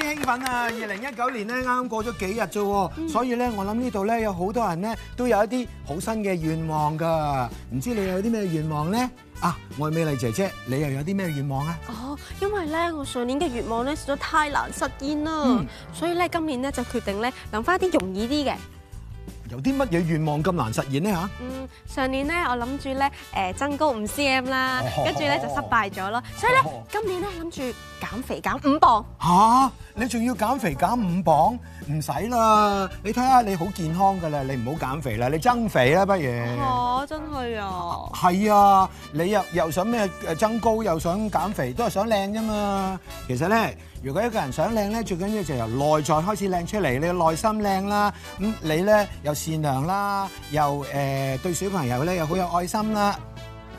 啲興奮啊！二零一九年咧，啱啱過咗幾日啫，所以咧，我諗呢度咧有好多人咧都有一啲好新嘅願望㗎。唔知你又有啲咩願望咧？啊，愛美麗姐姐，你又有啲咩願望啊？哦，因為咧，我上年嘅願望咧實在太難實現啦，所以咧今年咧就決定咧諗翻啲容易啲嘅。有啲乜嘢願望咁難實現咧嚇？嗯，上年咧我諗住咧誒增高五 cm 啦，跟住咧就失敗咗咯。所以咧今年咧諗住減肥減五磅。嚇！你仲要減肥減五磅？唔使啦，你睇下你好健康㗎啦，你唔好減肥啦，你增肥啦不如。嚇！真係啊？係啊，你又又想咩誒增高，又想減肥，都係想靚啫嘛。其實咧，如果一個人想靚咧，最緊要就由內在開始靚出嚟，你嘅內心靚啦。咁你咧又～善良啦，又誒對小朋友咧又好有愛心啦，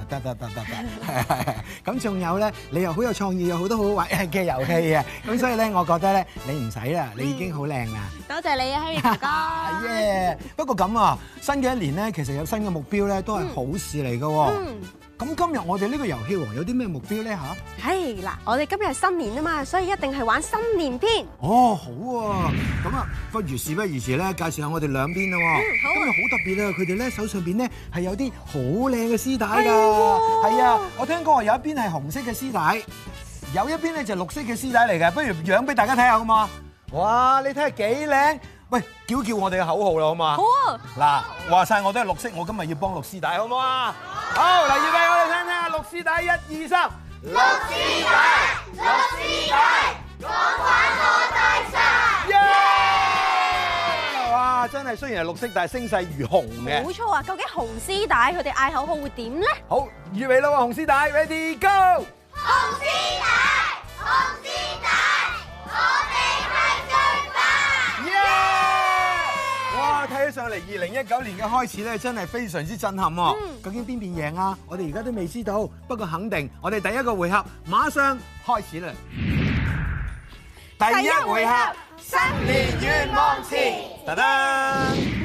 得得得得得，咁仲有咧，你又好有創意，有好多好玩嘅遊戲啊，咁所以咧，我覺得咧，你唔使啦，你已經好靚啦，多謝你啊，希兒哥哥，係耶、 yeah.！不過咁啊，新嘅一年咧，其實有新嘅目標咧，都係好事嚟嘅喎。換に leadership 咁今日我哋呢個遊戲王有啲咩目標咧？吓，係嗱，我哋今日係新年啊嘛，所以一定係玩新年篇。哦，好喎、啊，咁啊，不如事不宜遲咧，介紹下我哋兩邊咯。嗯，好啊。今日好特別啊，佢哋咧手上邊咧係有啲好靚嘅絲帶㗎。係啊、哦，我聽講話有一邊係紅色嘅絲帶，有一邊咧就綠色嘅絲帶嚟嘅。不如樣俾大家睇下好嘛？哇，你睇下幾靚！喂，叫叫我哋嘅口號啦，好嘛？好啊好！嗱好，話晒我都係綠色，我今日要幫綠絲帶，好唔好啊？好，嗱，預備我哋聽聽啊！綠絲帶，一、二、三綠絲帶，綠絲帶，綠絲帶，講我玩我大晒。耶！哇，真係雖然係綠色，但係聲勢如虹嘅。冇錯啊，究竟紅絲帶佢哋嗌口號會點咧？好，預備啦喎，紅絲帶，ready go！到嚟二零一九年嘅開始咧，真係非常之震撼。嗯、究竟邊邊贏啊？我哋而家都未知道，不過肯定我哋第一個回合馬上開始啦！第一回合新年願望詞，得得、嗯。嗯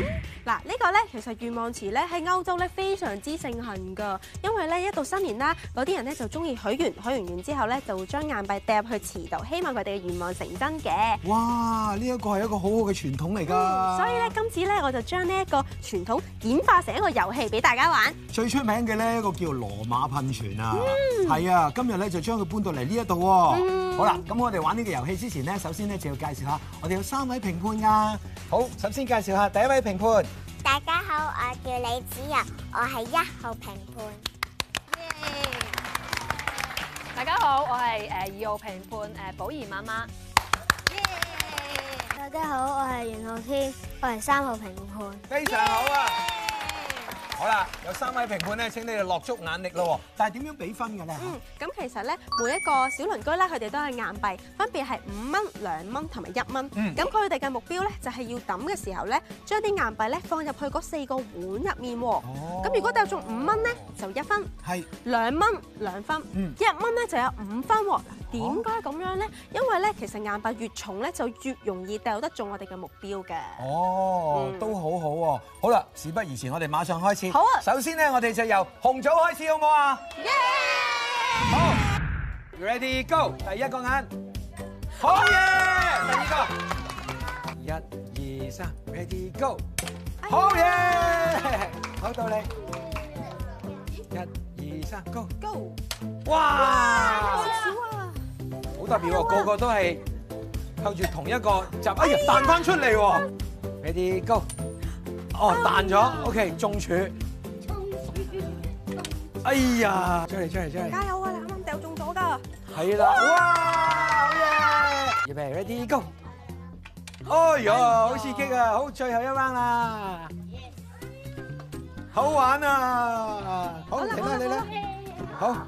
嗱，呢個咧其實願望池咧喺歐洲咧非常之盛行㗎，因為咧一到新年啦，嗰啲人咧就中意許願，許完願之後咧就將硬幣掉入去池度，希望佢哋嘅願望成真嘅。哇！呢一個係一個好好嘅傳統嚟㗎、嗯。所以咧，今次咧我就將呢一個傳統演化成一個遊戲俾大家玩。最出名嘅呢，一個叫羅馬噴泉啊，係啊、嗯，今日咧就將佢搬到嚟呢一度喎。嗯、好啦，咁我哋玩呢個遊戲之前咧，首先咧就要介紹下，我哋有三位評判㗎。好，首先介紹下第一位評判。大家好，我叫李子仁，我係一號評判。耶！大家好，我係誒二號評判誒寶儀媽媽。耶！大家好，我係袁浩天，我係三號評判。非常好啊！好啦，有三位評判咧，請你哋落足眼力咯。但係點樣俾分嘅咧？嗯，咁其實咧，每一個小鄰居咧，佢哋都係硬幣，分別係五蚊、兩蚊同埋一蚊。嗯。咁佢哋嘅目標咧，就係要抌嘅時候咧，將啲硬幣咧放入去嗰四個碗入面喎。咁、哦、如果抌中五蚊咧，就一分。係。兩蚊兩分。嗯。一蚊咧就有五分喎。點解咁樣咧？因為咧，其實眼白越重咧，就越容易掉得中我哋嘅目標嘅。哦，都好好喎。好啦，事不宜遲，我哋馬上開始。好啊。首先咧，我哋就由紅棗開始，好唔好啊？Yeah。好。Ready go。第一個眼。好嘢！第二個。一、二、三，Ready go。好嘢！好到你。一、二、三，Go go。哇！特別個個都係扣住同一個集，哎呀彈翻出嚟喎！Ready go，哦彈咗，OK 中柱，哎呀，出嚟，出嚟，出嚟，加油啊！啱啱掉中咗㗎，係啦，哇！預備，Ready go，哎呦好刺激啊，好最後一 round 啦，好玩啊，好停啦你啦，好。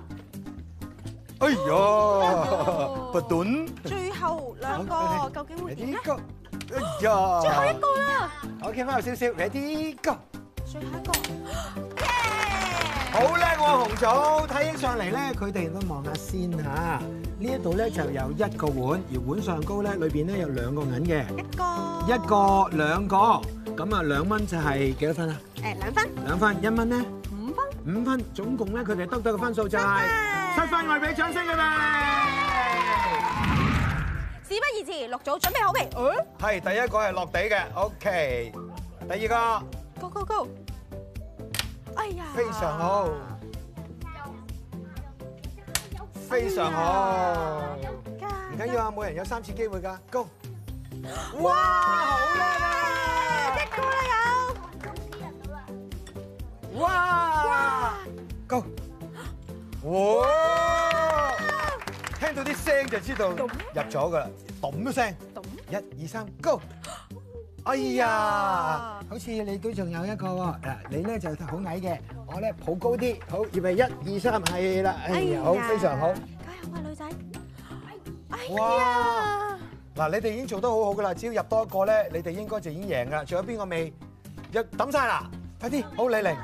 哎呀，不準！最後兩個究竟會點咧？哎呀，最後一個啦！OK，我有少少，ready go！最後一個，好叻喎紅組！睇起上嚟咧，佢哋都望下先嚇。呢一度咧就有一個碗，而碗上高咧裏邊咧有兩個銀嘅，一個，一個兩個，咁啊兩蚊就係幾多分啊？誒兩分，兩分一蚊咧五分，五分總共咧佢哋得到嘅分數就係。出返外俾掌聲嘅咪，事不宜遲，六組準備好未？嗯，係第一個係落地嘅，OK。第二個，Go Go Go。哎呀，非常好，非常好。唔緊要啊，每人有三次機會㗎，Go。哇，好啦！一對都有，哇，Go。哇！聽到啲聲就知道入咗㗎喇，揼一聲，揼，一二三，Go！哎呀，好似你都仲有一個喎，嗱，你咧就好矮嘅，我咧抱高啲，好，係咪一二三，係啦，哎呀，好，非常好，加油啊，女仔！哇！嗱，你哋已經做得好好㗎喇，只要入多一個咧，你哋應該就已經贏㗎喇，仲有邊個未入揼晒喇？快啲，好，李玲。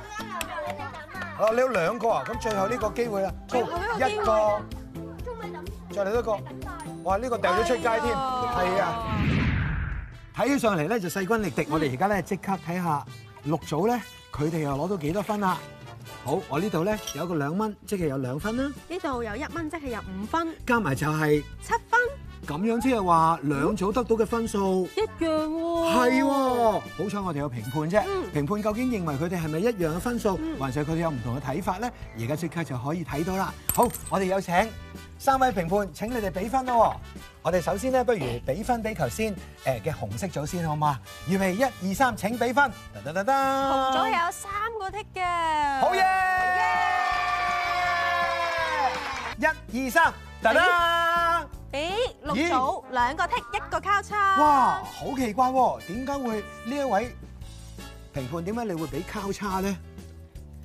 哦，你有兩個啊！咁最後呢個機會啊，好一個，再嚟多個，個哇！呢、這個掉咗出街添，係啊、哎呀 的！睇起上嚟咧就勢均力敵，的我哋而家咧即刻睇下六組咧，佢哋又攞到幾多分啦？好，我呢度咧有一個兩蚊，即、就、係、是、有兩分啦。呢度有一蚊，即係有五分，加埋就係、是、七分。咁樣即係話兩組得到嘅分數一樣喎、啊啊，係喎。好彩我哋有評判啫，嗯、評判究竟認為佢哋係咪一樣嘅分數，嗯、還是佢哋有唔同嘅睇法咧？而家即刻就可以睇到啦。好，我哋有請三位評判，請你哋俾分咯。我哋首先咧，不如俾分俾頭先。誒嘅紅色組先好嘛？預備一二三，1, 2, 3, 請俾分。得得得得。紅組有三個剔嘅。好嘢！一二三，得啦。畀，六組耶 兩個剔一個交叉。哇，好奇怪喎、啊，點解會呢一位評判，點解你會俾交叉咧？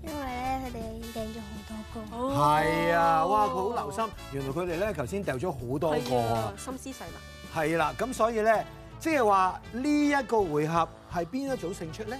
因為咧佢哋已經掟咗好多個。哦，係啊，哇，佢好留心。哦、原來佢哋咧頭先掉咗好多個、啊，心思細密、啊。係啦，咁所以咧，即係話呢一個回合係邊一組勝出咧？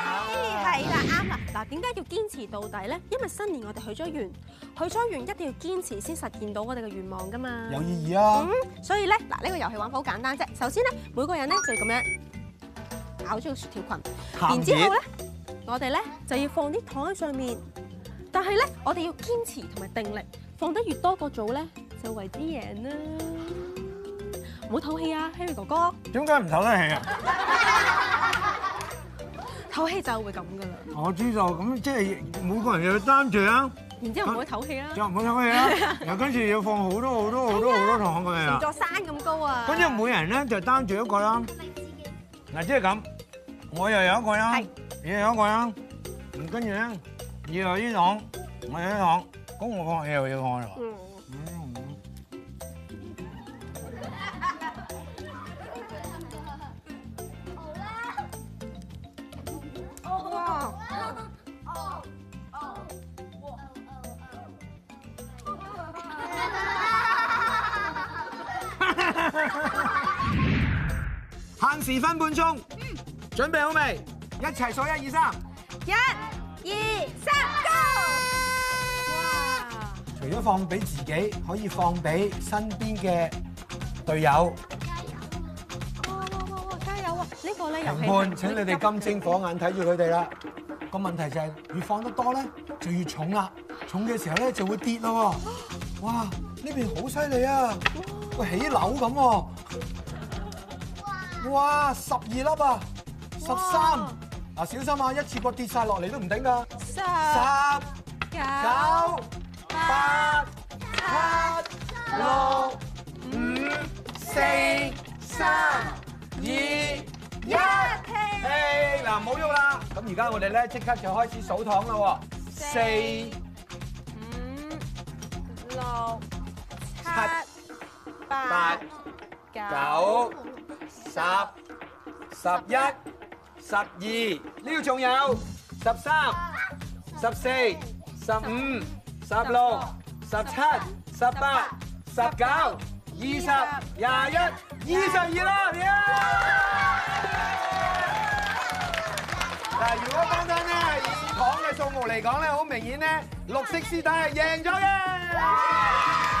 點解要堅持到底咧？因為新年我哋許咗願，許咗願一定要堅持先實現到我哋嘅願望噶嘛。有意義啊、嗯！所以咧，嗱、這、呢個遊戲玩法好簡單啫。首先咧，每個人咧就咁樣咬住個雪條裙，血然之後咧，我哋咧就要放啲糖喺上面。但係咧，我哋要堅持同埋定力，放得越多個組咧，就為之贏啦。唔好透氣啊，Harry 哥哥！點解唔透得氣啊？ 透氣就會咁噶啦，我知道。咁即係每個人又要擔住啊，然之後唔好透氣啊，就唔好透氣啊。又跟住要放好多好多好多好多糖過嚟啊，成座山咁高啊。跟住每人咧就擔住一個啦。嗱，即係咁，我又有一個啦，你又有一個啦，咁跟住咧，要有啲糖，冇有啲糖，公我放，我有放嘅。時分半鐘，嗯、準備好未？一齊數一二三，一、二、三 g 除咗放俾自己，可以放俾身邊嘅隊友加油、哦。加油啊！哇哇哇加油啊！呢個你又？同請你哋金睛火眼睇住佢哋啦。個、嗯、問題就係越放得多咧，就越重啦。重嘅時候咧就會跌咯。哇！呢邊好犀利啊，個起樓咁。哇，十二粒啊，十三，嗱小心啊，一次過跌晒落嚟都唔頂噶。十、九、八、七、六、五、四、三、二、一。停！嗱唔好喐啦，咁而家我哋咧即刻就開始數糖啦喎。四、五、六、七、八、九。十、十一、十二，呢度仲有十三、十四、十五、十六、十七、十八、十九、二十、廿一、二十二啦！嗱，如果單單咧以糖嘅數目嚟講咧，好明顯咧，綠色師弟係贏咗嘅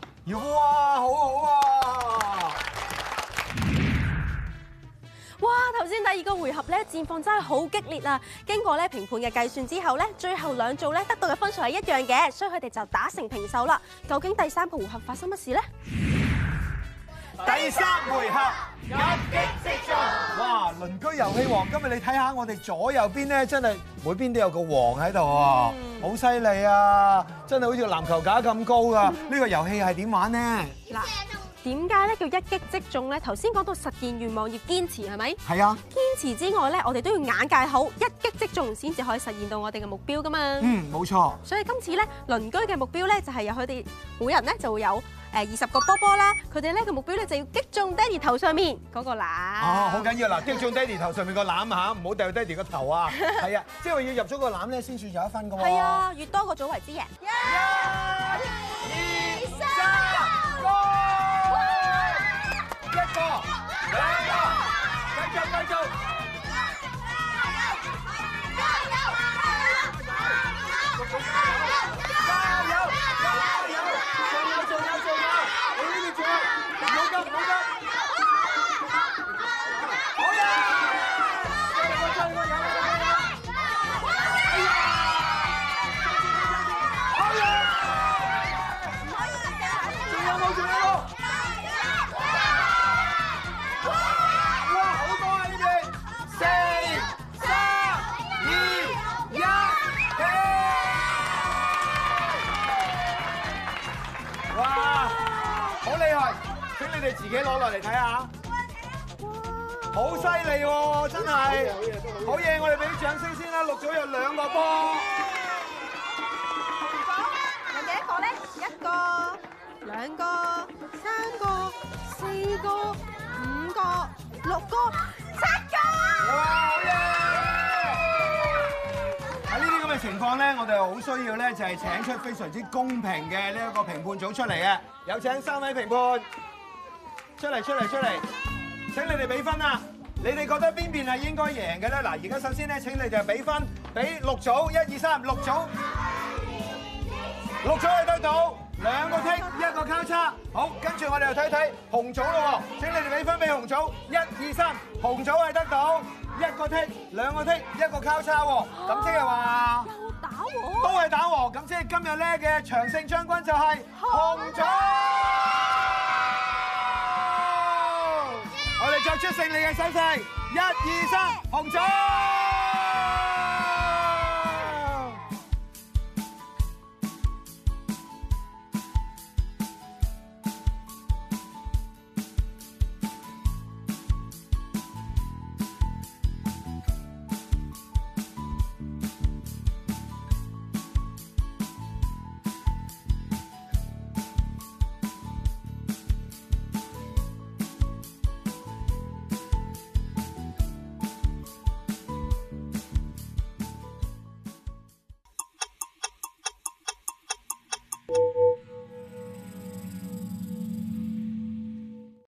哇，好好啊！哇，頭先第二個回合咧，戰況真係好激烈啊！經過咧評判嘅計算之後咧，最後兩組咧得到嘅分數係一樣嘅，所以佢哋就打成平手啦。究竟第三個回合發生乜事咧？第三回合一擊即中，哇！鄰居遊戲王，今日你睇下我哋左右邊咧，真係每邊都有個王喺度啊，好犀利啊！真係好似籃球架咁高噶。呢個遊戲係點玩咧？嗱，點解咧叫一擊即中咧？頭先講到實現願望要堅持，係咪？係啊。堅持之外咧，我哋都要眼界好，一擊即中先至可以實現到我哋嘅目標㗎嘛。嗯，冇錯。所以今次咧，鄰居嘅目標咧，就係由佢哋每人咧就會有。誒二十個波波啦，佢哋咧個目標咧就要擊中爹哋頭上面嗰個籃。哦，好緊要嗱，擊中爹哋頭上面個籃嚇，唔好掉爹哋個頭啊！係啊，即係話要入咗個籃咧先算有一分嘅喎。係啊，越多 1, 2, 3, 個組為之贏。一、二、三，一個，兩個，繼續，繼續。你哋自己攞落嚟睇下，好犀利喎！真係好嘢，好嘢！我哋俾啲掌聲先啦，錄咗有兩個波，有幾多個咧？一個、兩個、三個、四個、五個、六個、七個。哇！好嘢！喺呢啲咁嘅情況咧，我哋好需要咧，就係請出非常之公平嘅呢一個評判組出嚟嘅。有請三位評判。出嚟出嚟出嚟！請你哋畀分啊！你哋覺得邊邊係應該贏嘅咧？嗱，而家首先咧，請你哋畀分，畀六組一、二、三，六組六組係得到兩個剔一個交叉。好，跟住我哋就睇睇紅組咯喎！請你哋畀分，畀紅組一、二、三，紅組係得到一個剔兩個剔一個交叉喎。咁即係話都係打和。咁即係今日咧嘅長勝將軍就係紅組。出勝利嘅手勢！一、二、三，紅組。